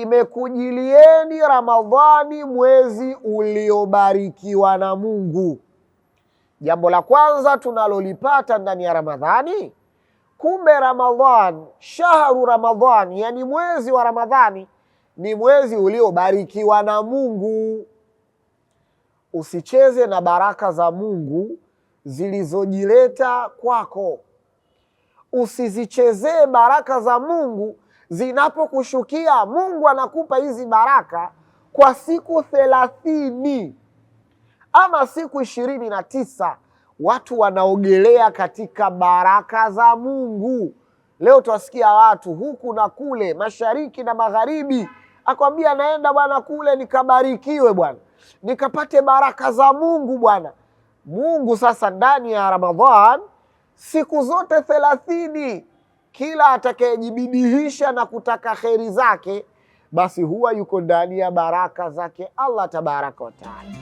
imekujilieni Ramadhani, mwezi uliobarikiwa na Mungu. Jambo la kwanza tunalolipata ndani ya Ramadhani, kumbe Ramadhan, shahru Ramadhan, yani mwezi wa Ramadhani ni mwezi uliobarikiwa na Mungu. Usicheze na baraka za Mungu zilizojileta kwako, usizichezee baraka za Mungu zinapokushukia, Mungu anakupa hizi baraka kwa siku thelathini ama siku ishirini na tisa. Watu wanaogelea katika baraka za Mungu. Leo twasikia watu huku na kule, mashariki na magharibi, akwambia naenda bwana kule nikabarikiwe bwana, nikapate baraka za Mungu bwana. Mungu sasa ndani ya Ramadhan siku zote thelathini kila atakayejibidihisha na kutaka kheri zake, basi huwa yuko ndani ya baraka zake Allah tabaraka wataala.